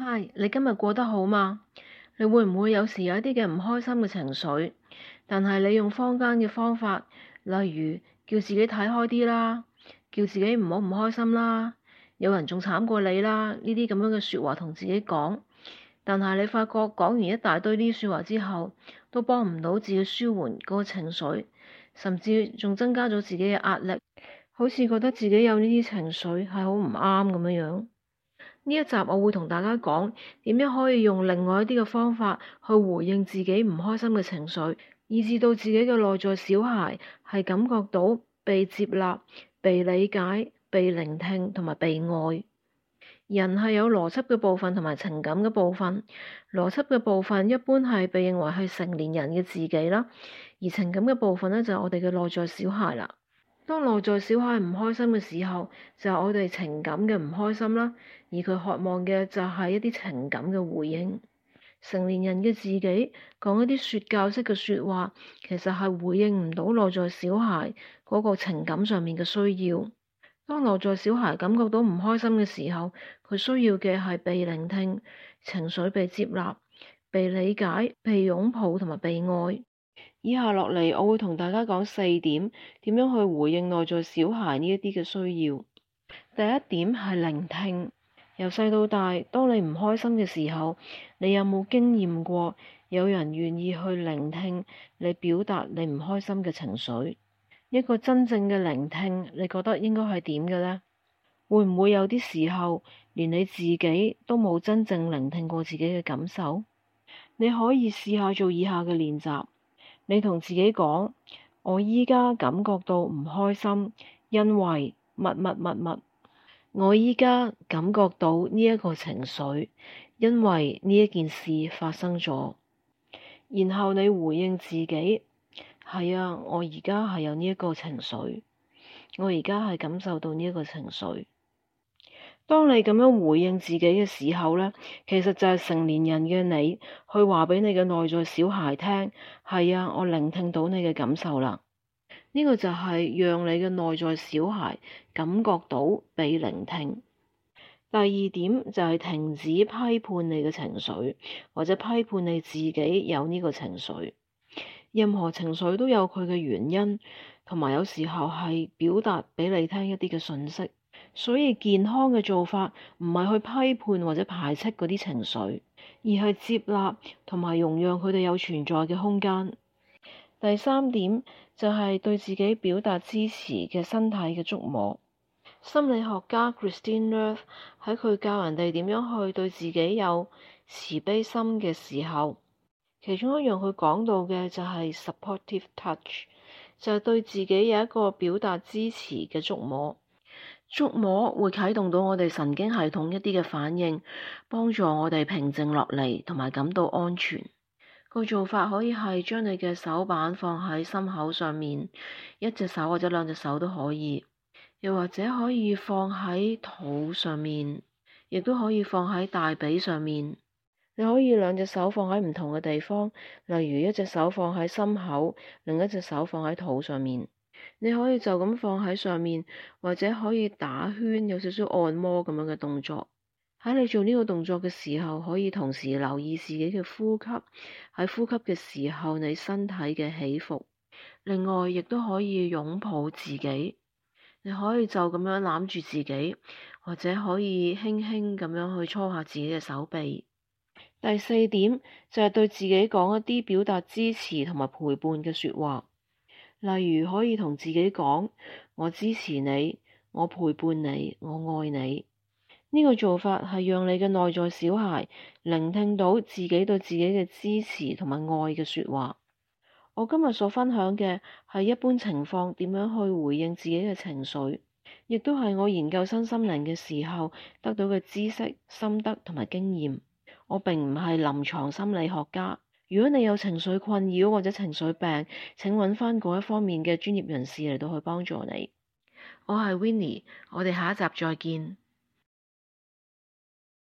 嗨，Hi, 你今日過得好嘛？你會唔會有時有一啲嘅唔開心嘅情緒？但係你用坊間嘅方法，例如叫自己睇開啲啦，叫自己唔好唔開心啦，有人仲慘過你啦，呢啲咁樣嘅說話同自己講。但係你發覺講完一大堆呢啲說話之後，都幫唔到自己舒緩嗰個情緒，甚至仲增加咗自己嘅壓力，好似覺得自己有呢啲情緒係好唔啱咁樣樣。呢一集我會同大家講點樣可以用另外一啲嘅方法去回應自己唔開心嘅情緒，以至到自己嘅內在小孩係感覺到被接納、被理解、被聆聽同埋被愛。人係有邏輯嘅部分同埋情感嘅部分，邏輯嘅部分一般係被認為係成年人嘅自己啦，而情感嘅部分呢，就係我哋嘅內在小孩啦。當內在小孩唔開心嘅時候，就係我哋情感嘅唔開心啦。而佢渴望嘅就係一啲情感嘅回應。成年人嘅自己講一啲説教式嘅説話，其實係回應唔到內在小孩嗰個情感上面嘅需要。當內在小孩感覺到唔開心嘅時候，佢需要嘅係被聆聽、情緒被接納、被理解、被擁抱同埋被愛。以下落嚟我會同大家講四點，點樣去回應內在小孩呢一啲嘅需要。第一點係聆聽，由細到大，當你唔開心嘅時候，你有冇經驗過有人願意去聆聽你表達你唔開心嘅情緒？一個真正嘅聆聽，你覺得應該係點嘅呢？會唔會有啲時候連你自己都冇真正聆聽過自己嘅感受？你可以試下做以下嘅練習。你同自己講，我依家感覺到唔開心，因為乜乜乜乜，我依家感覺到呢一個情緒，因為呢一件事發生咗。然後你回應自己，係啊，我而家係有呢一個情緒，我而家係感受到呢一個情緒。當你咁樣回應自己嘅時候咧，其實就係成年人嘅你去話俾你嘅內在小孩聽，係啊，我聆聽到你嘅感受啦。呢個就係讓你嘅內在小孩感覺到被聆聽。第二點就係停止批判你嘅情緒，或者批判你自己有呢個情緒。任何情緒都有佢嘅原因，同埋有時候係表達俾你聽一啲嘅訊息。所以健康嘅做法唔係去批判或者排斥嗰啲情緒，而係接納同埋容讓佢哋有存在嘅空間。第三點就係、是、對自己表達支持嘅身體嘅觸摸。心理學家 Kristin Neff 喺佢教人哋點樣去對自己有慈悲心嘅時候，其中一樣，佢講到嘅就係 supportive touch，就係對自己有一個表達支持嘅觸摸。觸摸會啟動到我哋神經系統一啲嘅反應，幫助我哋平靜落嚟，同埋感到安全。個做法可以係將你嘅手板放喺心口上面，一隻手或者兩隻手都可以，又或者可以放喺肚上面，亦都可以放喺大髀上面。你可以兩隻手放喺唔同嘅地方，例如一隻手放喺心口，另一隻手放喺肚上面。你可以就咁放喺上面，或者可以打圈，有少少按摩咁樣嘅動作。喺你做呢個動作嘅時候，可以同時留意自己嘅呼吸。喺呼吸嘅時候，你身體嘅起伏。另外，亦都可以擁抱自己。你可以就咁樣攬住自己，或者可以輕輕咁樣去搓下自己嘅手臂。第四點就係對自己講一啲表達支持同埋陪伴嘅說話。例如可以同自己講，我支持你，我陪伴你，我愛你。呢個做法係讓你嘅內在小孩聆聽到自己對自己嘅支持同埋愛嘅說話。我今日所分享嘅係一般情況點樣去回應自己嘅情緒，亦都係我研究身心靈嘅時候得到嘅知識、心得同埋經驗。我並唔係臨床心理學家。如果你有情緒困擾或者情緒病，請揾返嗰一方面嘅專業人士嚟到去幫助你。我係 Winnie，我哋下一集再見。